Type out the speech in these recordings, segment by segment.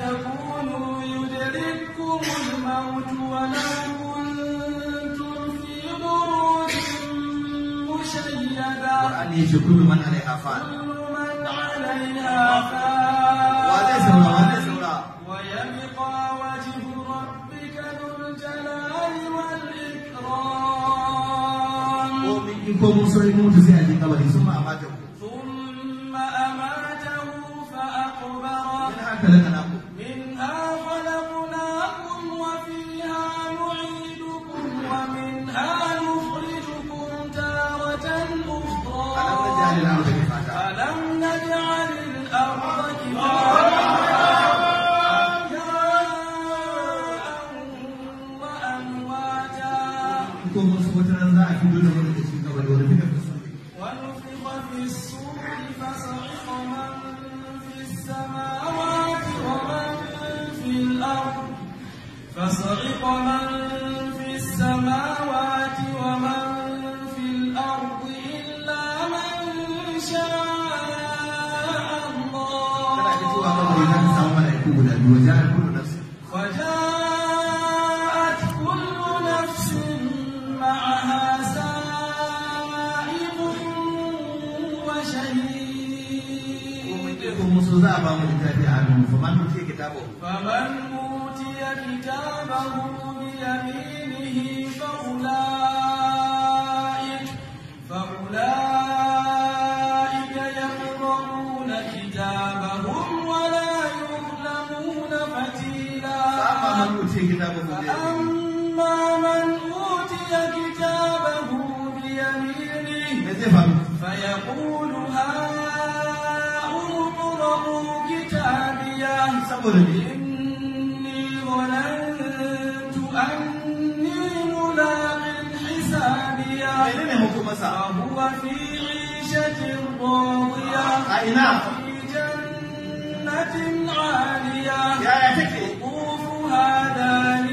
تكونوا يدرككم الموت ولو كنتم في بروج مشيدة وأنيس كل من عليها فان كل من نعم. عليها فان وأليس وأليس ويبقى وجه ربك ذو الجلال والإكرام ومنكم مسلمون تزيد قبل ثم mala'iku guda biyu wajen har kullu nafsi وجاءت كل نفس معها سائق وشهيد ومن ذهب من كتابه عنه فمن أوتي كتابه فمن أوتي كتابه بيمينه أما من أوتي كتابه أما من أوتي كتابه بيمينه فيقول هاؤم اقرءوا كتابيه إني ظننت أني ملاق حسابيه فهو في عيشة راضية في جنة عالية هذان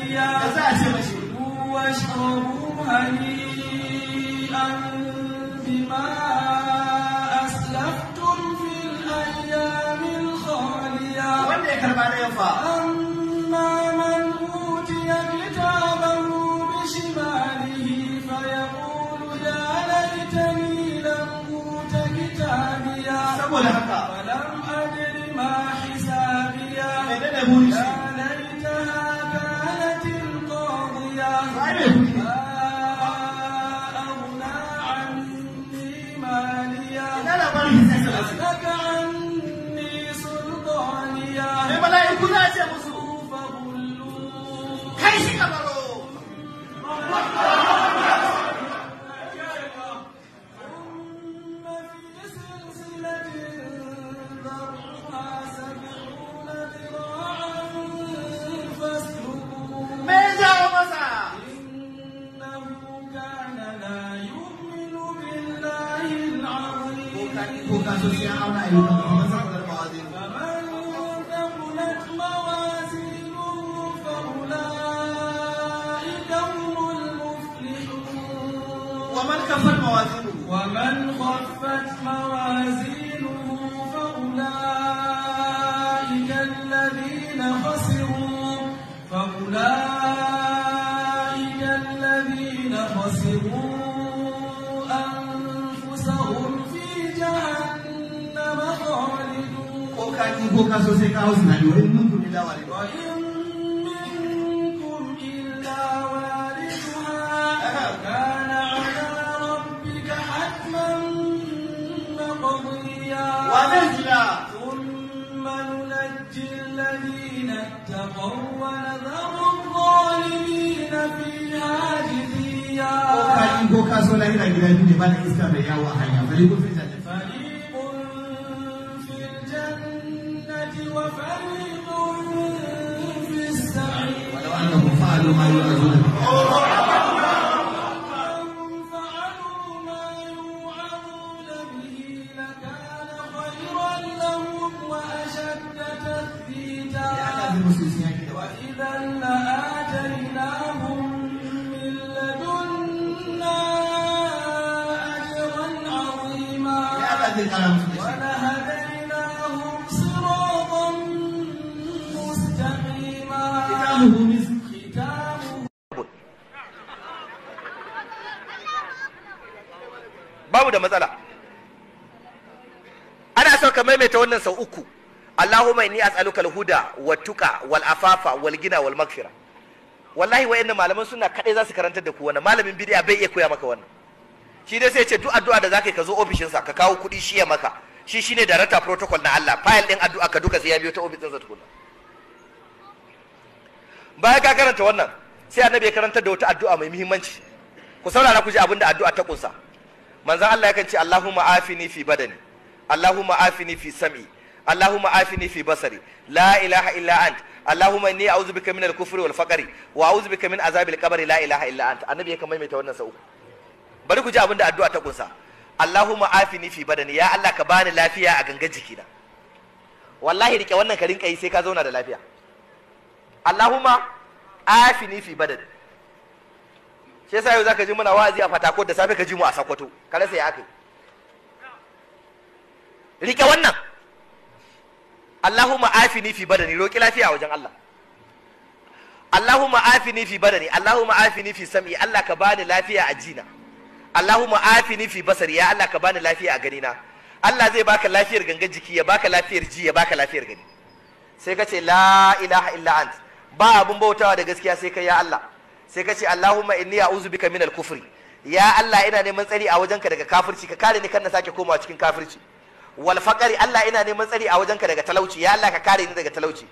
Let's go. عثمان وإن منكم إلا واردها كان على ربك حتما مقضيا ونجلا ثم ننجي الذين اتقوا ونذر الظالمين فيها جثيا ko ka so lahira gida biyu ne ba da iska mai yawo so ka maimaita wannan sau uku Allahumma inni as'aluka al-huda wa tuqa wal afafa wal gina wal maghfira wallahi wayannan malaman suna kadai za su karantar da ku wannan malamin bid'a bai iya koya maka wannan shi dai sai ya ce duk addu'a da zakai ka zo ofishin sa ka kawo kuɗi shi ya maka shi shine darata protocol na Allah file din addu'a ka duka sai ya biyo ta ofishin sa tukuna baya ka karanta wannan sai annabi ya karantar da wata addu'a mai muhimmanci ku saurara ku ji abinda addu'a ta kunsa manzon Allah yakan ce Allahumma afini fi badani fi sami, عافني في سمعي اللهم عافني في بصري لا إله إلا أنت اللهم إني al-kufri من الكفر والفقر وأعوذ بك من عذاب القبر la ilaha إلا أنت النبي كما يميت wannan sau bari ku ji abinda addu'a ta kunsa Allahumma afini fi badani ya Allah ka bani lafiya a gangan jikina wallahi rike wannan ka rinka yi sai ka zauna da lafiya Allahumma afini fi badani shi yasa yau zaka ji muna wa'azi a fatakot da safe ka ji mu a sakwato ka rasa ya akai rike wannan Allahumma afini fi badani roki lafiya a wajen Allah Allahumma afini fi badani Allahumma afini fi sam'i Allah ka bani lafiya a jina Allahumma afini fi basari ya Allah ka bani lafiya a ganina Allah zai baka lafiyar gangan jiki ya baka lafiyar ji ya baka lafiyar gani sai ka ce la ilaha illa ant ba abun bautawa da gaskiya sai ka ya Allah sai ka ce Allahumma inni a'udhu bika al kufri ya Allah ina neman tsari a wajenka daga kafirci ka kare ni kan na sake komawa cikin kafirci wal faqari Allah ina neman tsari a wajenka daga talauci ya Allah ka kare ni daga talauci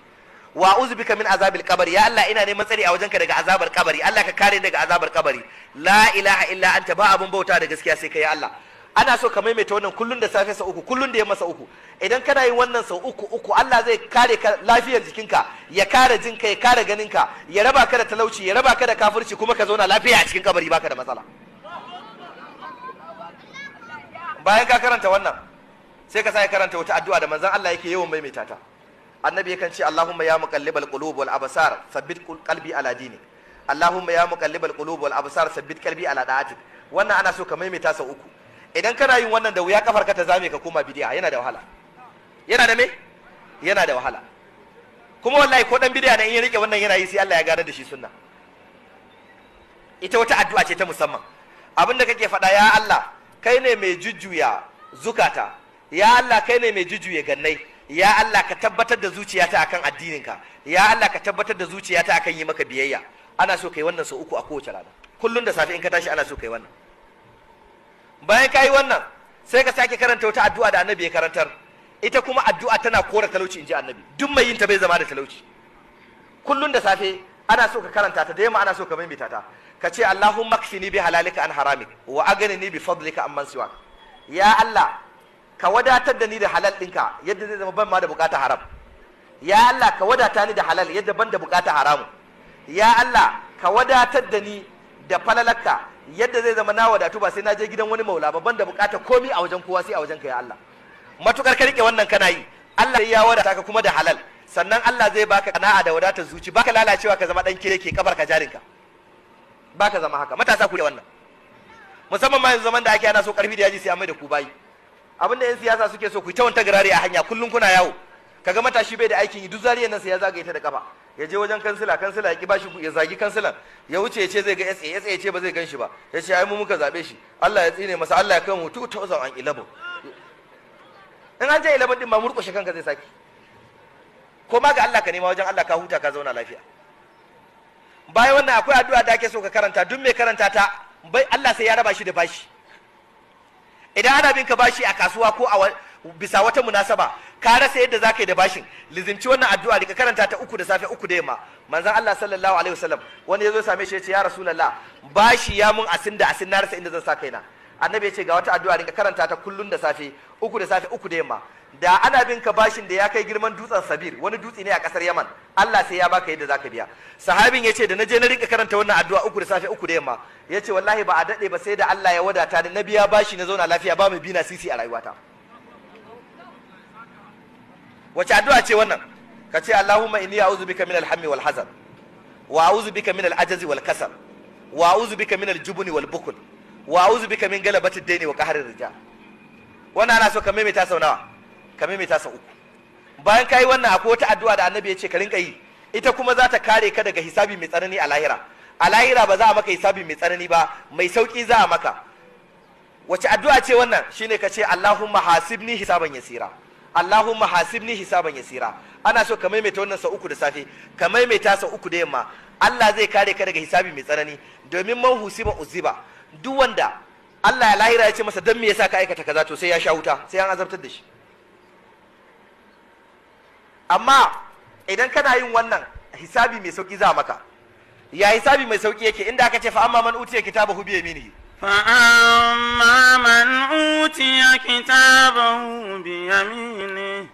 wa uzbika min azabil qabri ya Allah ina neman tsari a wajenka daga azabar kabari Allah ka kare ni daga azabar kabari la ilaha illa anta ba abun bauta da gaskiya sai kai Allah ana so ka maimaita wannan kullun da safe sau uku kullun da yamma uku idan kana yin wannan sau uku uku Allah zai kare ka lafiyar jikinka ya kare jinka ya kare ganinka ya raba ka da talauci ya raba ka da kafirci kuma ka zauna lafiya a cikin kabari baka da matsala bayan ka karanta wannan sai ka sake karanta wata addu'a da manzon Allah yake yawan mai ta annabi yakan ce Allahumma ya muqallibal qulub wal absar sabbit qalbi ala dinik Allahumma ya muqallibal qulub wal absar sabbit qalbi ala da'atik wannan ana so ka maimaita sau uku idan kana yin wannan da wuya kafar ka ta zame ka koma bid'a yana da wahala yana da me yana da wahala kuma wallahi ko dan bid'a ne in ya rike wannan yana yi sai Allah ya gane da shi sunna ita wata addu'a ce ta musamman abinda da kake faɗa ya Allah kai ne mai jujjuya zukata ya Allah kai ne mai jujuye gannai ya Allah ka tabbatar da zuciyata akan addininka ya Allah ka tabbatar da zuciyata akan yi maka biyayya ana so kai wannan sau uku a kowace rana kullum da safe in ka tashi ana so kai wannan bayan ka yi wannan sai ka sake karanta wata addu'a da annabi ya karantar ita kuma addu'a tana kora talauci in ji annabi duk mai yin ta bai zama da talauci kullum da safe ana so ka karanta ta da yamma ana so ka maimaita ta ka ce allahumma kfini bi halalika an haramik wa agnini bi fadlika amman siwak ya allah ka wadatar da ni da halal ɗinka yadda zai zama ban ma da bukata haram ya Allah ka wadata ni da halal yadda ban da bukata haramu ya Allah ka wadatar da ni da falalaka yadda zai zama na wadatu ba sai na je gidan wani maula ba ban da bukata komi a wajen kowa sai a wajen ka ya Allah matukar ka rike wannan kana yi Allah ya wadata ka kuma da halal sannan Allah zai baka kana'a da wadatar zuci baka lalacewa ka zama dan kireke kabar ka jarinka baka zama haka matasa ku da wannan musamman ma yanzu zaman da ake ana so karfi da yaji sai an mai da ku bayi abinda yan siyasa suke so ku ta wanta garare a hanya kullum kuna yawo kaga matashi bai da aikin yi duk zariyan nan sai ya zagaye ta da kafa ya je wajen kansila kansila ya ki bashi ya zagi kansilan ya wuce ya ce zai ga SA SA ya ce ba zai ganshi ba ya ce ai mu muka zabe shi Allah ya tsine masa Allah ya kai mu 2011 in an je 11 din ma murƙushe kanka zai saki ko ma ga Allah ka nema wajen Allah ka huta ka zauna lafiya bayan wannan akwai addu'a da ake so ka karanta duk mai karanta ta bai Allah sai ya raba shi da bashi idan ana bin ka bashi a kasuwa ko a bisa wata munasaba ka rasa yadda zaka yi da bashin lizinci wannan addu'a daga karanta ta uku da safe uku da yamma manzon Allah sallallahu alaihi wasallam wani yazo same shi yace ya rasulullah bashi ya mun asin da asin na rasa inda zan sa kaina annabi yace ga wata addu'a daga karanta ta kullun da safe uku da safe uku da yamma da ana bin ka bashin da ya kai girman dutsen sabir wani dutse ne a kasar yaman allah sai ya baka yadda zaka biya sahabin ya ce da na je na rinka karanta wannan addu'a uku da safe uku da yamma ya ce wallahi ba a daɗe ba sai da allah ya wadata da na biya bashi na zauna lafiya ba mai bina sisi a rayuwata wace addu'a ce wannan ka ce allahumma inni a'udhu bika min alhammi wal hazan wa a'udhu bika min al'ajazi wal kasal wa a'udhu bika min aljubni wal bukul wa a'udhu bika min galabati daini wa qahri rijal wannan ana so ka maimaita sau nawa ka maimaita sa uku bayan ka yi wannan akwai wata addu'a da annabi ya ce ka rinka yi ita kuma za ta kare ka daga hisabi mai tsanani a lahira a lahira ba za a maka hisabi mai tsanani ba mai sauki za a maka wace addu'a ce wannan shine ka ce Allahumma hasibni hisaban yasira Allahumma hasibni hisaban yasira ana so ka maimaita wannan sa uku da safe ka maimaita sa uku da yamma Allah zai kare ka daga hisabi mai tsanani domin man husiba uziba duk wanda Allah ya lahira ya ce masa dan me yasa ka aikata kaza to sai ya sha wuta sai an azabtar da shi amma idan kana yin wannan hisabi mai sauki za maka ya hisabi mai sauki yake inda aka ce fa amma man utiya man bi yaminihi فأما من أوتي كتابه بيمينه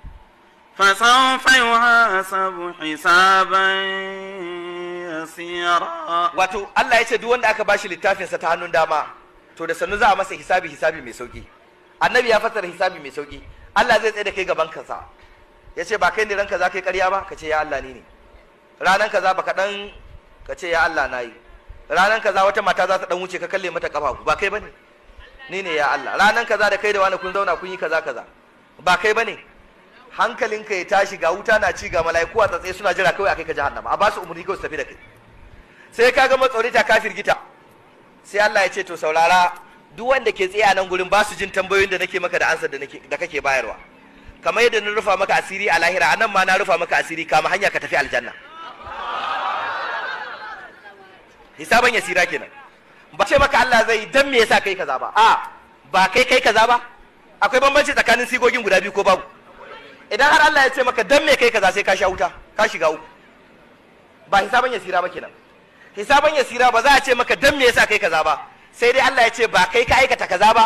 فسوف يحاسب حسابا wato Allah ya ce duk wanda aka bashi littafin sa ta hannun dama to da sannu za a masa hisabi hisabi mai sauki annabi ya fassara hisabi mai sauki Allah zai tsaye da kai gaban kansa ya ce ba kai ne ranka za ka yi ƙarya ba ka ce ya Allah ni ne ranan kaza baka kaɗan ka ce ya Allah na yi ranan kaza wata mata za ta ɗan wuce ka kalle mata ƙafa ba kai ne ni ne ya Allah ranan kaza da kai da wani kun zauna kun yi kaza kaza ba kai bane hankalinka ya tashi ga wuta na ci ga mala'iku a tsatsaye suna jira kawai a kai ka jahannama a ba su umurni kawai su tafi da kai sai ka ga ta kafir gita sai Allah ya ce to saurara duk wanda ke tsaye a nan gurin ba su jin tambayoyin da nake maka da ansar da kake bayarwa kamar yadda na rufa maka asiri a lahira anan ma na rufa maka asiri kama hanya ka tafi aljanna hisaban sira kenan ba ce maka Allah zai dan me yasa kai kaza ba a ba kai kai kaza ba akwai bambanci tsakanin sigogin guda biyu ko babu idan har Allah ya ce maka dan me kai kaza sai ka sha wuta ka shiga uku ba hisaban sira ba kenan hisaban sira ba za a ce maka dan me yasa kai kaza ba sai dai Allah ya ce ba kai ka aikata kaza ba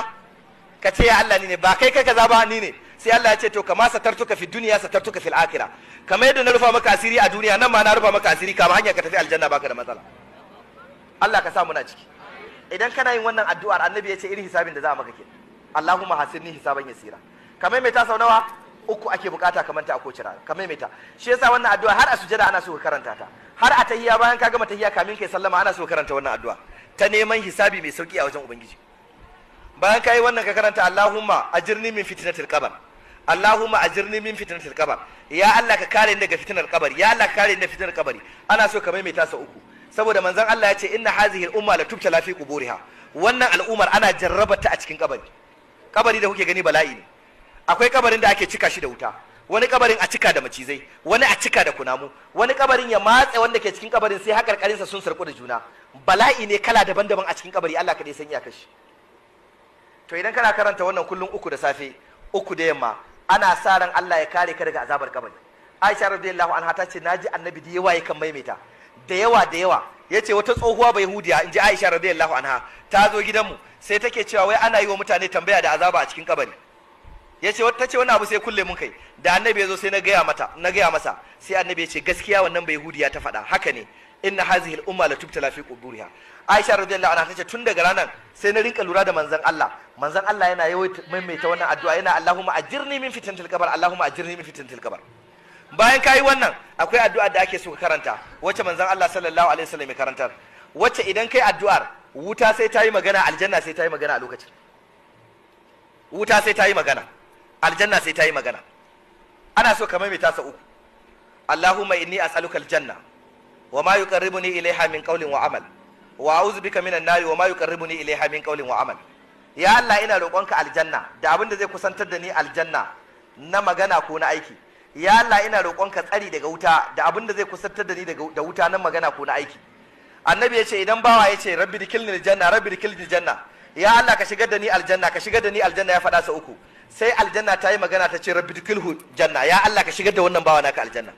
ka ce ya Allah ni ne ba kai kai kaza ba ni ne sai Allah ya ce to kama satartuka fi duniya satartuka fil akhira kama yadda na rufa maka asiri a duniya nan ma na rufa maka asiri kama hanyar ka tafi aljanna baka da matsala Allah ka sa muna ciki idan kana yin wannan addu'ar annabi ya ce irin hisabin da za a maka ke Allahumma hasirni hisaban yasira kamar mai ta sau nawa uku ake bukata kamar ta a kowace rana kamar mai ta shi yasa wannan addu'a har a sujada ana so ka karanta ta har a tahiyya bayan ka gama tahiyya kamin kai sallama ana so ka karanta wannan addu'a ta neman hisabi mai sauki a wajen ubangiji bayan ka yi wannan ka karanta Allahumma ajirni min fitnatil qabr Allahumma ajirni min fitnatil qabr ya Allah ka kare ni daga fitnar kabari ya Allah ka kare ni daga fitnar kabari ana so ka maimaita sa uku saboda manzon Allah ya ce inna hazihi al-umma la tubtala fi quburiha wannan al'umar ana jarrabata a cikin kabari kabari da kuke gani bala'i ne akwai kabarin da ake cika shi da wuta wani kabarin a cika da macizai wani a cika da kunamu wani kabarin ya matse wanda ke cikin kabarin sai hakarkarinsa sun sarku da juna bala'i ne kala daban-daban a cikin kabari Allah ka san ya kashi to idan kana karanta wannan kullun uku da safe uku da yamma ana sa ran Allah ya kare ka daga azabar kabari Aisha radiyallahu anha ta ce naji annabi da yawa yakan maimaita da yawa da yawa yace wata tsohuwa bai hudiya ji Aisha radiyallahu anha ta zo gidanmu sai take cewa wai ana yi wa mutane tambaya da azaba a cikin kabari yace wata ce wani abu sai kulle mun kai da annabi ya zo sai na gaya mata na gaya masa sai annabi ya ce gaskiya wannan bai hudiya ta faɗa haka ne inna hazihi al-umma la tubtala fi quburiha Aisha radiyallahu anha tace tun daga ranan sai na rinka lura da manzon Allah manzon Allah yana yawaita maimaita wannan addu'a yana Allahumma ajirni min fitnatil qabr Allahumma ajirni min fitnatil qabr bayan kayi wannan akwai addu'a da ake so ka karanta wacce manzon Allah sallallahu alaihi wasallam ya karantar wacce idan kai addu'ar wuta sai ta yi magana aljanna sai ta yi magana a lokacin wuta sai ta yi magana aljanna sai ta yi magana ana so ka maimaita sa uku Allahumma inni as'aluka aljanna wa ma ni ilaiha min qawlin wa amal wa a'udhu bika minan nari wa ma ni ilaiha min qawlin wa amal ya Allah ina roƙonka aljanna da abin da zai kusantar da ni aljanna na magana ko na aiki ya Allah ina roƙonka tsari daga wuta da abin da zai kusantar da ni da wuta na magana ko na aiki annabi ya ce idan bawa ya ce rabbi dikilni aljanna rabbi dikilni aljanna ya Allah ka shigar da ni aljanna ka shigar da ni aljanna ya faɗa sa uku sai aljanna ta yi magana ta ce rabbi dikilhu janna ya Allah ka shigar da wannan bawa naka aljanna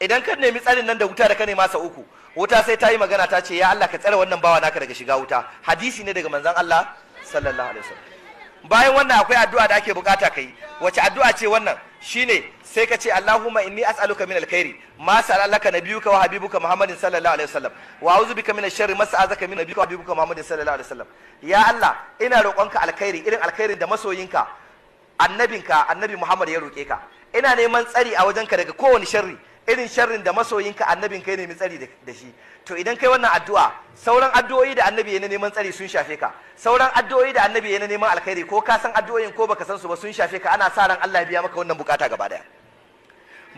idan ka nemi tsarin nan da wuta da ka nema sa uku wuta sai ta yi magana ta ce ya Allah ka tsare wannan bawa naka daga shiga wuta hadisi ne daga manzon Allah sallallahu alaihi wasallam bayan wannan akwai addu'a da ake bukata kai wace addu'a ce wannan shine sai ka ce Allahumma inni as'aluka min alkhairi ma sa'alaka nabiyuka wa habibuka Muhammadin sallallahu alaihi wasallam wa a'udhu bika min asharri ma sa'azaka min nabiyuka wa habibuka Muhammadin sallallahu alaihi wasallam ya Allah ina roƙonka alkhairi irin alkhairi da masoyinka annabinka annabi Muhammad ya roƙe ka ina neman tsari a wajenka daga kowane sharri irin sharrin da masoyinka annabin kai nemi tsari da shi to idan kai wannan addu'a sauran addu'o'i da annabi ya neman tsari sun shafe ka sauran addu'o'i da annabi ya neman alkhairi ko ka san addu'o'in ko baka san su ba sun shafe ka ana sa ran Allah ya biya maka wannan bukata gaba daya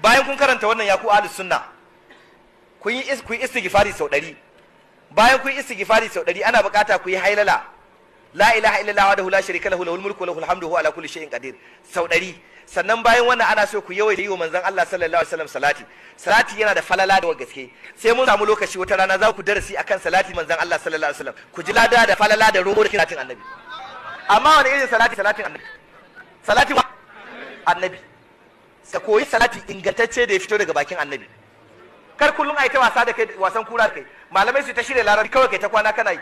bayan kun karanta wannan ya ku ahlus sunna kun yi ku yi istighfari sau dari bayan kun yi istighfari sau dari ana bukata ku yi hailala la ilaha illallah wahdahu la sharika lahu lahul mulku wa lahul hamdu huwa ala kulli shay'in qadir sau dari sannan bayan wannan ana so ku yawaita yi wa manzon Allah sallallahu alaihi wasallam salati salati yana da falala da gaske sai mun samu lokaci wata rana za ku darasi akan salati manzon Allah sallallahu alaihi wasallam ku ji lada da falala da rumo da salatin annabi amma wani irin salati salatin annabi salati wa annabi ka koyi salati ingantacce da ya fito daga bakin annabi kar kullum ai ta wasa da kai wasan kura kai malamai su ta shirya larabi kawai kai ta kwana kana yi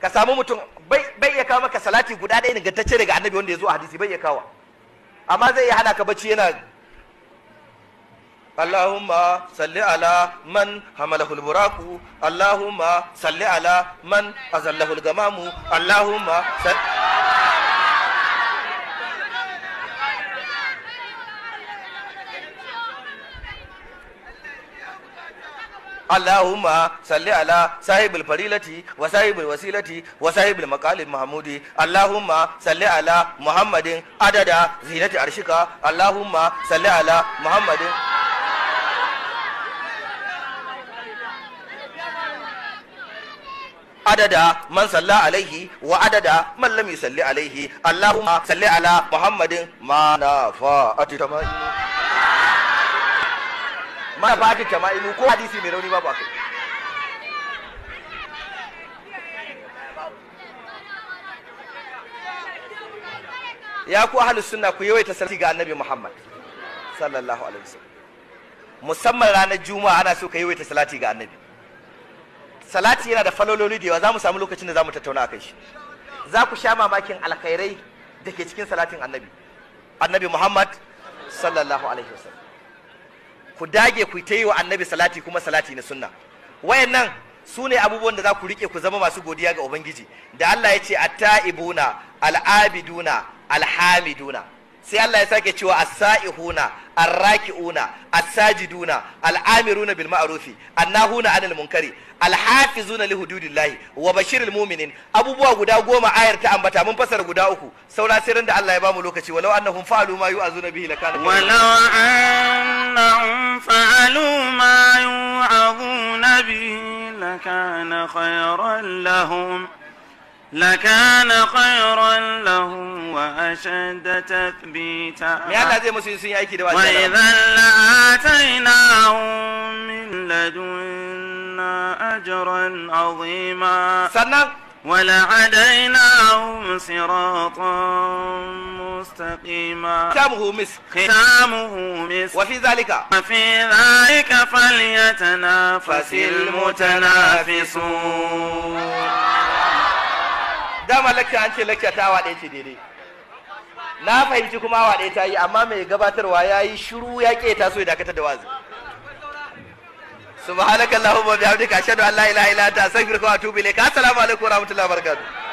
ka samu mutum bai iya kawo maka salati guda ɗaya ingantacce daga annabi wanda ya zo a hadisi bai iya kawo amma zai iya hana ka bacci yana Allahumma salli ala man hamalahul buraku Allahumma salli ala man azallahul gamamu Allahumma salli Allahumma salli ala sahibul farilati wa sahibul wasilati wa sahibul maqalim mahmudi Allahumma salli ala Muhammadin adada zinati arshika Allahumma salli ala Muhammadin adada man salla alaihi wa adada man lam yusalli alaihi Allahumma salli ala Muhammadin ma mana fati inu ko hadisi mai rauni babu akai ya ku ahlus sunna ku yi waita salati ga annabi Muhammad sallallahu alaihi wasallam musamman ranar juma'a ana so ka waita salati ga annabi salati yana da falololi da yawa za mu samu lokacin da za mu tattauna akan shi za ku sha mamakin alkhairai da ke cikin salatin annabi annabi Muhammad sallallahu alaihi wasallam ku dage ku ta yi wa annabi salati kuma salati na sunna wayannan su ne abubuwan da za ku riƙe ku zama masu godiya ga ubangiji da Allah ya ce atta'ibuna al'abiduna alhamiduna sai Allah ya sake cewa as-sa'ihuna arraki'una rakiuna as-sajiduna bilma bil ma'rufi annahuna 'anil munkari alhafizu hafizuna li hududillahi wa bashiril mu'minin abubuwa guda goma ayar ta ambata mun fasara guda uku saura sirrin da Allah ya bamu lokaci walau annahum fa'alu ma yu'azuna bihi lakana walau اتبعوا فعلوا ما يوعظون به لكان خيرا لهم لكان خيرا لهم وأشد تثبيتا وإذا لآتيناهم من لدنا أجرا عظيما ولهديناهم صراطا مستقيما ختامه مسك ختامه مسك وفي ذلك وفي ذلك فليتنافس المتنافسون dama lakta an ce lakta ta waɗe ce daidai na fahimci kuma waɗe ta yi amma mai gabatarwa ya yi shiru ya ƙeta so ya dakatar da wazi subhanakallahumma bihamdika ashhadu an la ilaha illa anta astaghfiruka wa atubu ilayk assalamu alaikum wa rahmatullahi wa barakatuh